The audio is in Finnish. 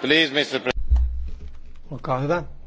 Please, Mr. Olkaa hyvä.